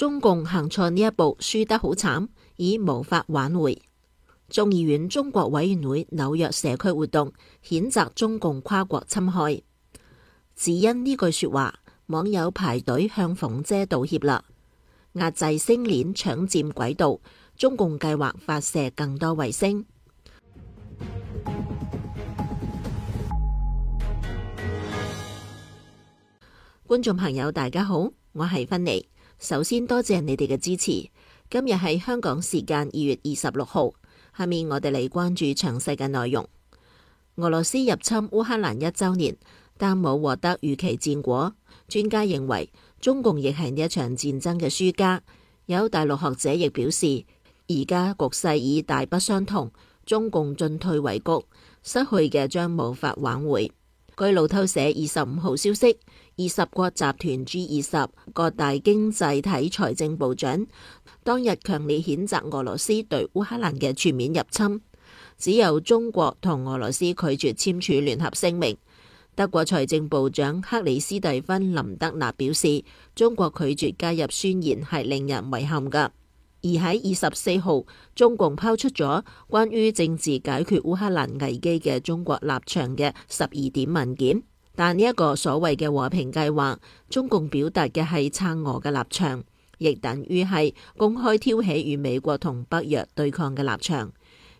中共行錯呢一步，輸得好慘，已無法挽回。眾議院中國委員會紐約社區活動，譴責中共跨國侵害，只因呢句說話，網友排隊向鳳姐道歉啦。壓制星鏈搶佔軌道，中共計劃發射更多衛星。 觀眾朋友，大家好，我係芬妮。首先多謝你哋嘅支持。今日係香港時間二月二十六號，下面我哋嚟關注詳細嘅內容。俄羅斯入侵烏克蘭一周年，但冇獲得預期戰果。專家認為中共亦係呢一場戰爭嘅輸家。有大陸學者亦表示，而家局勢已大不相同，中共進退維谷，失去嘅將無法挽回。據路透社二十五號消息，二十國集團 G 二十各大經濟體財政部長當日強烈譴責俄羅斯對烏克蘭嘅全面入侵，只有中國同俄羅斯拒絕簽署聯合聲明。德國財政部長克里斯蒂芬林德納表示，中國拒絕加入宣言係令人遺憾㗎。而喺二十四號，中共拋出咗關於政治解決烏克蘭危機嘅中國立場嘅十二點文件，但呢一個所謂嘅和平計劃，中共表達嘅係撐俄嘅立場，亦等於係公開挑起與美國同北約對抗嘅立場。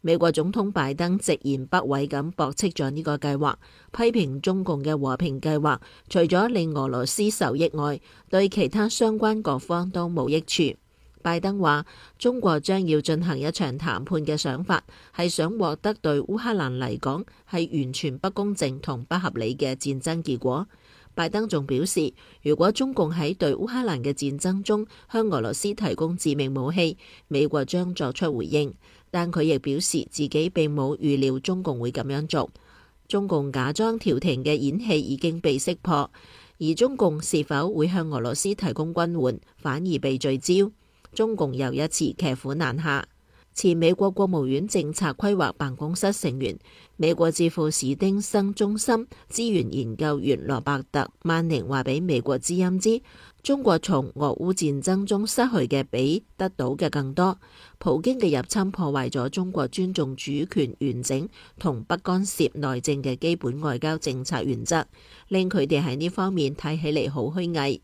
美國總統拜登直言不諱咁駁斥咗呢個計劃，批評中共嘅和平計劃，除咗令俄羅斯受益外，對其他相關各方都冇益處。拜登話，中國將要進行一場談判嘅想法，係想獲得對烏克蘭嚟講係完全不公正同不合理嘅戰爭結果。拜登仲表示，如果中共喺對烏克蘭嘅戰爭中向俄羅斯提供致命武器，美國將作出回應。但佢亦表示自己並冇預料中共會咁樣做。中共假裝調停嘅演戲已經被識破，而中共是否會向俄羅斯提供軍援，反而被聚焦。中共又一次騎虎難下。前美國國務院政策規劃辦公室成員，美國智庫史丁生中心資源研究員羅伯特曼寧話俾美國之音知：中國從俄烏戰爭中失去嘅比得到嘅更多。普京嘅入侵破壞咗中國尊重主權完整同不干涉內政嘅基本外交政策原則，令佢哋喺呢方面睇起嚟好虛偽。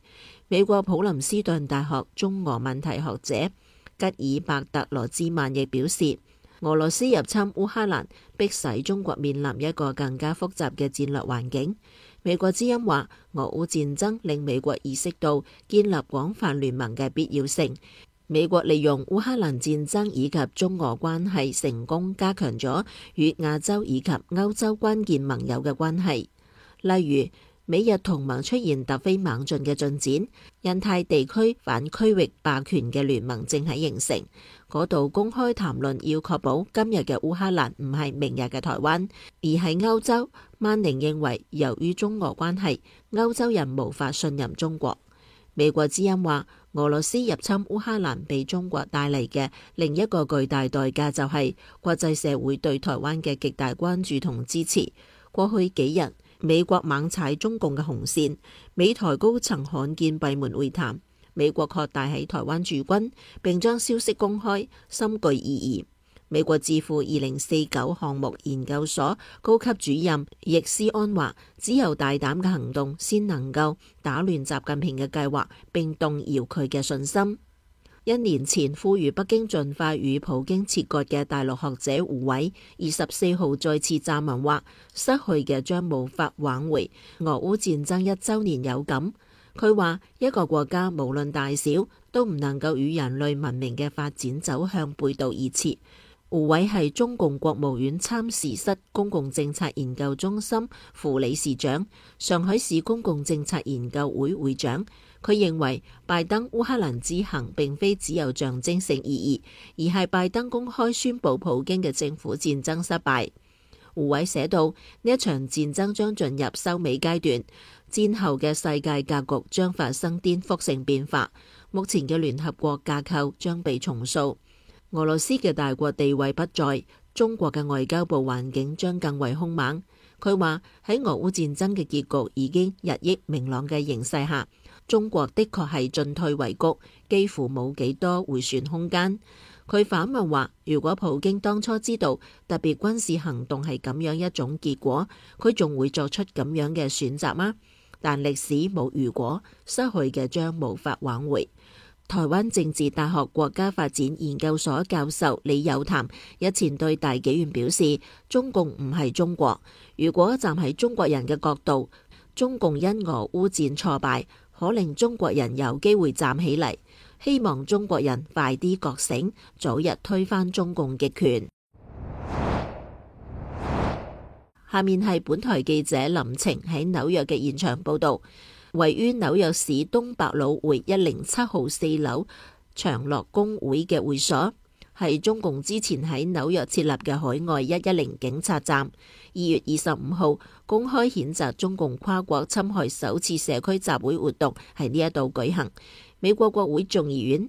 美國普林斯頓大學中俄問題學者吉爾伯特羅茲曼亦表示，俄羅斯入侵烏克蘭，迫使中國面臨一個更加複雜嘅戰略環境。美國之音話，俄烏戰爭令美國意識到建立廣泛聯盟嘅必要性。美國利用烏克蘭戰爭以及中俄關係成功加強咗與亞洲以及歐洲關鍵盟友嘅關係，例如。美日同盟出現突飛猛進嘅進展，印太地區反區域霸權嘅聯盟正喺形成。嗰度公開談論要確保今日嘅烏克蘭唔係明日嘅台灣，而係歐洲。曼寧認為，由於中俄關係，歐洲人無法信任中國。美國之音話，俄羅斯入侵烏克蘭被中國帶嚟嘅另一個巨大代價，就係國際社會對台灣嘅極大關注同支持。過去幾日。美國猛踩中共嘅紅線，美台高層罕見閉門會談，美國擴大喺台灣駐軍並將消息公開，深具意義。美國智庫二零四九項目研究所高級主任易思安話：只有大膽嘅行動先能夠打亂習近平嘅計劃，並動搖佢嘅信心。一年前呼籲北京盡快與普京切割嘅大陸學者胡偉，二十四號再次撰文話：失去嘅將無法挽回。俄烏戰爭一周年有感，佢話一個國家無論大小，都唔能夠與人類文明嘅發展走向背道而馳。胡偉係中共國務院參事室公共政策研究中心副理事長、上海市公共政策研究會會長。佢認為，拜登烏克蘭之行並非只有象徵性意義，而係拜登公開宣佈普京嘅政府戰爭失敗。胡偉寫道，呢一場戰爭將進入收尾階段，戰後嘅世界格局將發生顛覆性變化，目前嘅聯合國架構將被重塑。俄羅斯嘅大國地位不在，中國嘅外交部環境將更為兇猛。佢話，喺俄烏戰爭嘅結局已經日益明朗嘅形勢下，中國的確係進退維谷，幾乎冇幾多迴旋空間。佢反問話：如果普京當初知道特別軍事行動係咁樣一種結果，佢仲會作出咁樣嘅選擇嗎？但歷史冇如果，失去嘅將無法挽回。台灣政治大學國家發展研究所教授李友談日前對大紀元表示，中共唔係中國，如果站喺中國人嘅角度，中共因俄烏戰，挫敗，可令中國人有機會站起嚟，希望中國人快啲覺醒，早日推翻中共極權。下面係本台記者林晴喺紐約嘅現場報道。位於紐約市東百老匯一零七號四樓長樂公會嘅會所，係中共之前喺紐約設立嘅海外一一零警察站。二月二十五號公開譴責中共跨國侵害首次社區集會活動，喺呢一度舉行。美國國會眾議院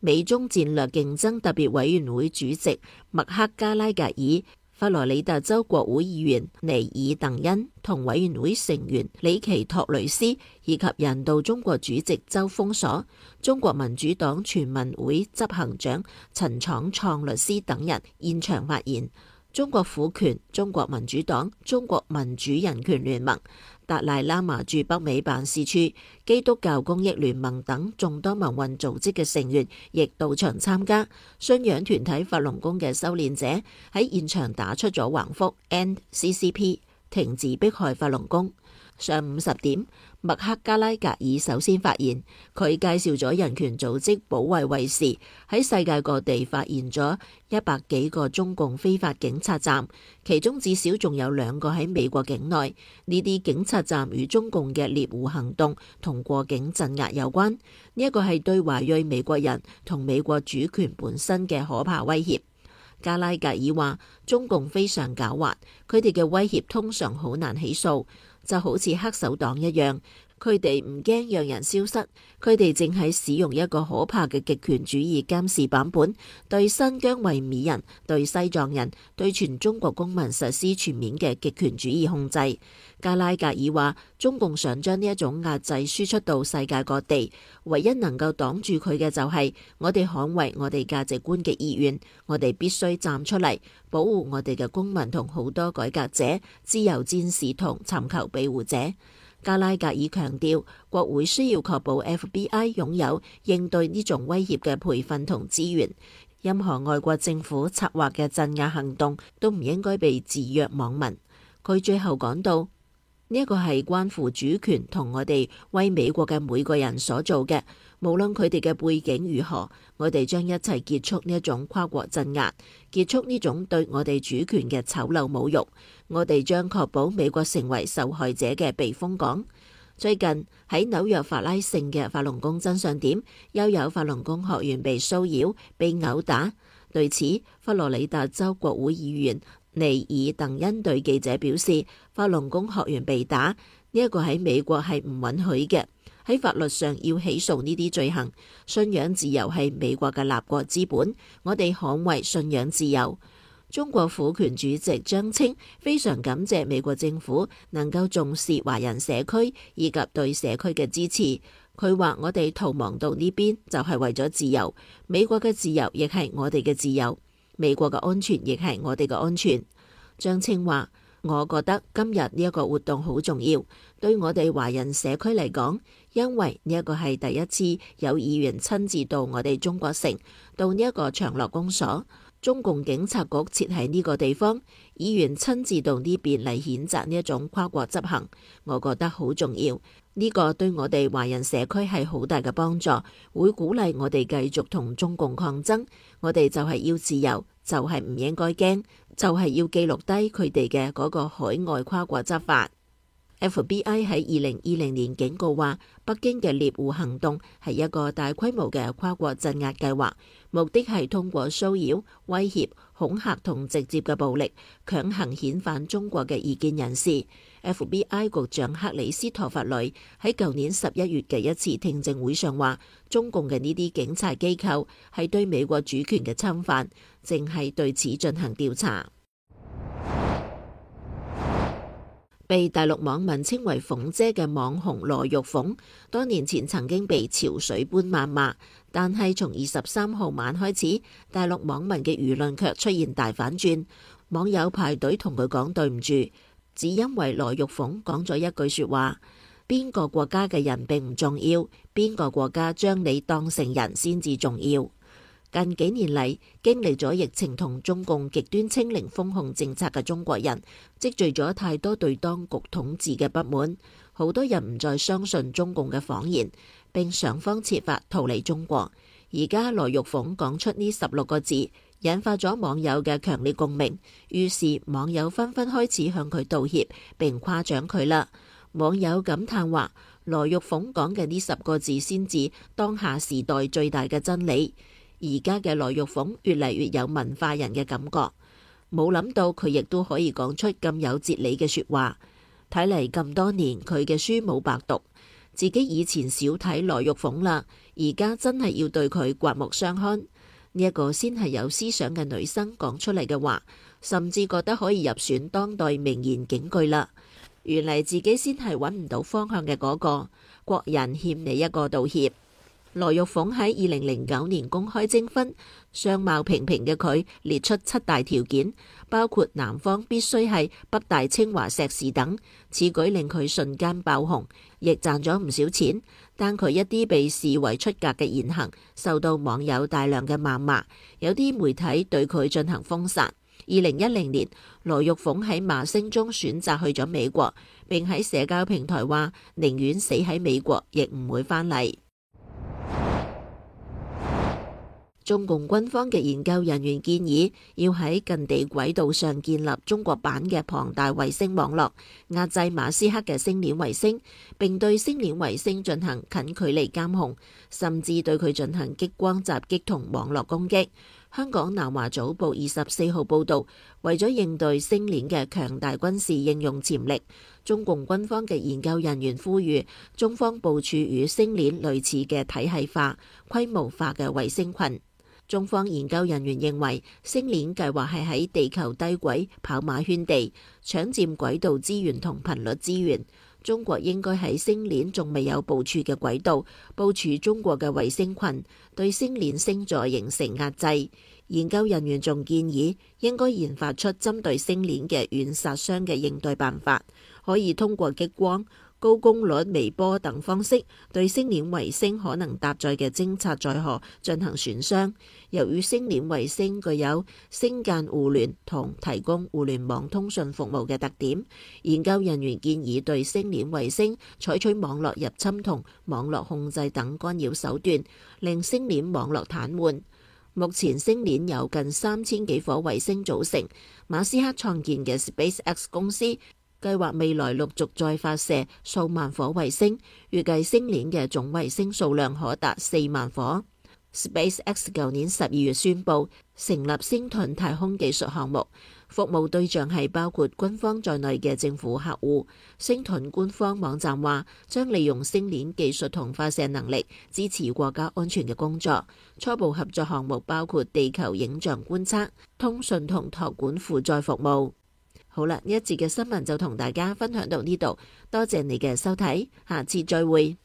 美中戰略競爭特別委員會主席麥克加拉格爾。法羅里達州國會議員尼爾·鄧恩同委員會成員里奇·托雷斯以及人道中國主席周鋒鎖、中國民主黨全民會執行長陳闖創律師等人現場發言。中國婦權、中國民主黨、中國民主人權聯盟、達賴喇嘛駐北美辦事處、基督教公益聯盟等眾多民運組織嘅成員亦到場參加。信仰團體法輪功嘅修煉者喺現場打出咗橫幅 n CCP 停止迫害法輪功。上午十點，麥克加拉格爾首先發言，佢介紹咗人權組織保衛衛士喺世界各地發現咗一百幾個中共非法警察站，其中至少仲有兩個喺美國境內。呢啲警察站與中共嘅獵戶行動同過境鎮壓有關。呢一個係對華裔美國人同美國主權本身嘅可怕威脅。加拉格爾話：中共非常狡猾，佢哋嘅威脅通常好難起訴。就好似黑手黨一樣。佢哋唔驚讓人消失，佢哋正喺使用一個可怕嘅極權主義監視版本，對新疆維米人、對西藏人、對全中國公民實施全面嘅極權主義控制。加拉格爾話：中共想將呢一種壓制輸出到世界各地，唯一能夠擋住佢嘅就係、是、我哋捍衛我哋價值觀嘅意願，我哋必須站出嚟保護我哋嘅公民同好多改革者、自由戰士同尋求庇護者。加拉格爾強調，國會需要確保 FBI 擁有應對呢種威脅嘅培訓同資源。任何外國政府策劃嘅鎮壓行動都唔應該被置若罔聞。佢最後講到。呢一個係關乎主權同我哋為美國嘅每個人所做嘅，無論佢哋嘅背景如何，我哋將一齊結束呢種跨國鎮壓，結束呢種對我哋主權嘅醜陋侮辱。我哋將確保美國成為受害者嘅避風港。最近喺紐約法拉盛嘅法輪功真相點，又有法輪功學員被騷擾、被毆打。對此，佛羅里達州國會議員。尼爾鄧恩對記者表示：法輪功學員被打，呢一個喺美國係唔允許嘅，喺法律上要起訴呢啲罪行。信仰自由係美國嘅立國之本，我哋捍衛信仰自由。中國婦權主席張菁非常感謝美國政府能夠重視華人社區以及對社區嘅支持。佢話我哋逃亡到呢邊就係為咗自由，美國嘅自由亦係我哋嘅自由。美國嘅安全亦係我哋嘅安全。張青話：我覺得今日呢一個活動好重要，對我哋華人社區嚟講，因為呢一個係第一次有議員親自到我哋中國城，到呢一個長樂公所。中共警察局設喺呢個地方，議員親自到呢邊嚟譴責呢一種跨國執行，我覺得好重要。呢個對我哋華人社區係好大嘅幫助，會鼓勵我哋繼續同中共抗爭。我哋就係要自由，就係唔應該驚，就係要記錄低佢哋嘅嗰個海外跨國執法。FBI 喺二零二零年警告話，北京嘅獵狐行動係一個大規模嘅跨國鎮壓計劃，目的係通過騷擾、威脅、恐嚇同直接嘅暴力，強行遣返中國嘅異見人士。FBI 局長克里斯托弗里喺舊年十一月嘅一次聽證會上話，中共嘅呢啲警察機構係對美國主權嘅侵犯，正係對此進行調查。被大陸網民稱為「鳳姐」嘅網紅羅玉鳳，多年前曾經被潮水般謾罵，但係從二十三號晚開始，大陸網民嘅輿論卻出現大反轉，網友排隊同佢講對唔住，只因為羅玉鳳講咗一句説話：邊個國家嘅人並唔重要，邊個國家將你當成人先至重要。近幾年嚟，經歷咗疫情同中共極端清零封控政策嘅中國人積聚咗太多對當局統治嘅不滿，好多人唔再相信中共嘅謊言，並想方設法逃離中國。而家羅玉鳳講出呢十六個字，引發咗網友嘅強烈共鳴，於是網友紛紛開始向佢道歉，並誇獎佢啦。網友感嘆話：羅玉鳳講嘅呢十個字，先至當下時代最大嘅真理。而家嘅羅玉鳳越嚟越有文化人嘅感覺，冇諗到佢亦都可以講出咁有哲理嘅說話。睇嚟咁多年佢嘅書冇白讀，自己以前少睇羅玉鳳啦，而家真係要對佢刮目相看。呢一個先係有思想嘅女生講出嚟嘅話，甚至覺得可以入選當代名言警句啦。原嚟自己先係揾唔到方向嘅嗰個，國人欠你一個道歉。羅玉鳳喺二零零九年公開徵婚，相貌平平嘅佢列出七大條件，包括男方必須係北大、清華、碩士等。此舉令佢瞬間爆紅，亦賺咗唔少錢。但佢一啲被視為出格嘅言行，受到網友大量嘅謾罵，有啲媒體對佢進行封殺。二零一零年，羅玉鳳喺罵聲中選擇去咗美國，並喺社交平台話寧願死喺美國，亦唔會返嚟。中共軍方嘅研究人員建議，要喺近地軌道上建立中國版嘅龐大衛星網絡，壓制馬斯克嘅星鏈衛星，並對星鏈衛星進行近距離監控，甚至對佢進行激光襲擊同網絡攻擊。香港南華早報二十四號報道，為咗應對星鏈嘅強大軍事應用潛力，中共軍方嘅研究人員呼籲，中方部署與星鏈類似嘅體系化、規模化嘅衛星群。中方研究人員認為，星鏈計劃係喺地球低軌跑馬圈地，搶占軌道資源同頻率資源。中國應該喺星鏈仲未有部署嘅軌道部署中國嘅衛星群，對星鏈星座形成壓制。研究人員仲建議，應該研發出針對星鏈嘅軟殺傷嘅應對辦法，可以通過激光。高功率微波等方式，對星鏈衛星可能搭載嘅偵察載荷進行損傷。由於星鏈衛星具有星間互聯同提供互聯網通訊服務嘅特點，研究人員建議對星鏈衛星採取網絡入侵同網絡控制等干擾手段，令星鏈網絡癱瘓。目前星鏈由近三千幾顆衛星組成，馬斯克創建嘅 SpaceX 公司。計劃未來陸續再發射數萬顆衛星，預計星鏈嘅總衛星數量可達四萬顆。SpaceX 舊年十二月宣布成立星盾太空技術項目，服務對象係包括軍方在內嘅政府客戶。星盾官方網站話，將利用星鏈技術同發射能力支持國家安全嘅工作。初步合作項目包括地球影像觀測、通訊同託管負載服務。好啦，呢一節嘅新聞就同大家分享到呢度，多謝你嘅收睇，下次再會。